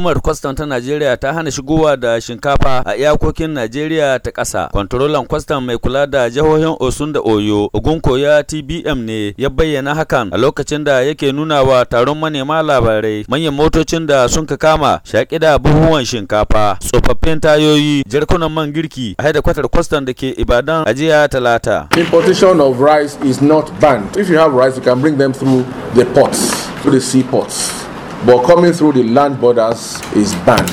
hukumar kwastam ta Najeriya ta hana shigowa da shinkafa a iyakokin Najeriya ta ƙasa. Kwantarolan kwastam mai kula da jihohin Osun da Oyo, Ogunkoya TBM ne ya bayyana hakan a lokacin da yake nuna wa taron manema labarai manyan motocin da sun ka kama shaki da buhuwan shinkafa, tsofaffin tayoyi, jarkunan man girki a haida kwatar kwastam da ke Ibadan ajiya Talata. Importation of rice is not banned. If you have rice, you can bring them through the ports, through the ports But coming through the land borders is banned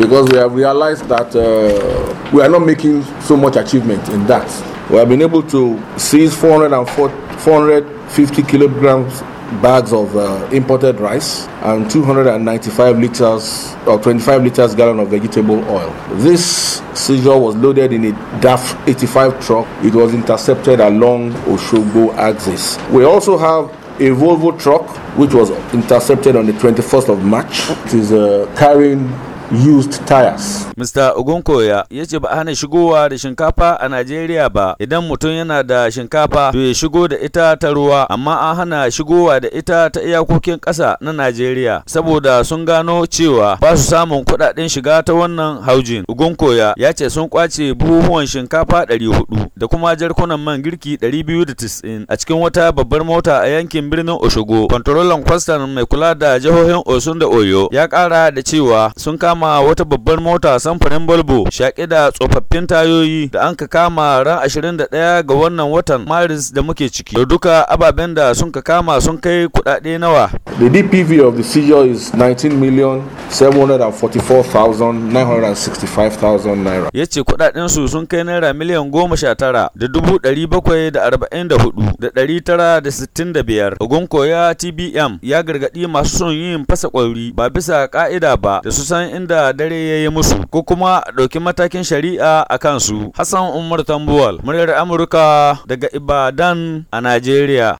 because we have realized that uh, we are not making so much achievement in that. We have been able to seize 450 kilograms bags of uh, imported rice and 295 liters or 25 liters gallon of vegetable oil. This seizure was loaded in a DAF 85 truck. It was intercepted along Oshogbo axis. We also have a Volvo truck which was intercepted on the 21st of March. It is uh, carrying used tires. Mr. Ogunkoya ya ce ba a hana shigowa da shinkafa a Najeriya ba idan mutum yana da shinkafa to ya shigo da ita ta ruwa amma an hana shigowa da ita ta iyakokin ƙasa na Najeriya saboda sun gano cewa ba su samun kuɗaɗen shiga ta wannan haujin. Ogunkoya ya ce sun kwace buhuhuwan shinkafa 400 da kuma jarkunan man girki 290 a cikin wata babbar mota a yankin birnin Oshogo. Kwantarolan kwastan mai kula da jihohin Osun da Oyo ya ƙara da cewa sun kama kama wata babbar mota samfurin balbo shaƙi da tsofaffin tayoyi da an ka kama ran 21 ga wannan watan Maris da muke ciki. Da duka ababen da sun ka kama sun kai kuɗaɗe nawa The DPV of the seizure is 19 million 744,965,000 naira. Ya ce kudaden su sun kai naira miliyan goma sha tara da dubu ɗari bakwai da arba'in da hudu da ɗari tara da sittin da biyar. koya TBM ya gargaɗi masu son yin fasa ƙwauri ba bisa ƙa'ida ba da su san inda dare ya yi musu ko kuma ɗauki matakin shari'a a kansu. Hassan Umar Tambuwal, muryar Amurka daga Ibadan a Najeriya.